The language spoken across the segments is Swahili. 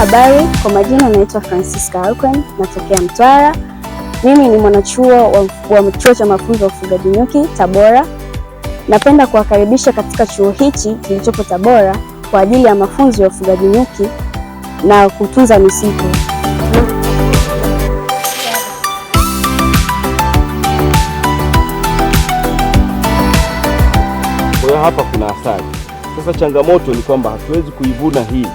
Habari, kwa majina naitwa Francisca Alquen, natokea Mtwara. Mimi ni mwanachuo wa, wa chuo cha mafunzo ya ufugaji nyuki Tabora. Napenda kuwakaribisha katika chuo hichi kilichopo Tabora kwa ajili ya mafunzo ya ufugaji nyuki na kutunza misitu. Kwa hapa kuna asali. Sasa changamoto ni kwamba hatuwezi kuivuna hii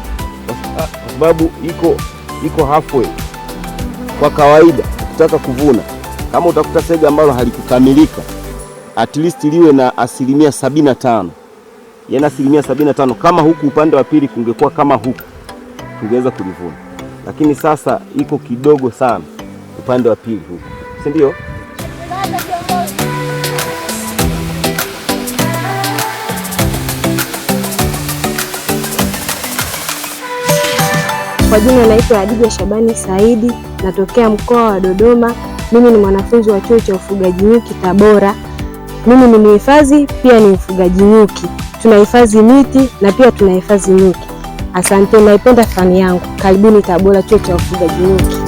sababu iko iko halfway. Kwa kawaida ukitaka kuvuna, kama utakuta sega ambalo halikukamilika, at least liwe na asilimia sabini na tano yana asilimia sabini na tano Kama huku upande wa pili kungekuwa kama huku, tungeweza kulivuna, lakini sasa iko kidogo sana upande wa pili huku, si ndio? Kwa jina naitwa Hadija Shabani Saidi, natokea mkoa wa Dodoma. Mimi ni mwanafunzi wa chuo cha ufugaji nyuki Tabora. Mimi ni mhifadhi pia ni mfugaji nyuki, tunahifadhi miti na pia tunahifadhi nyuki. Asante, naipenda fani yangu. Karibuni Tabora, chuo cha ufugaji nyuki.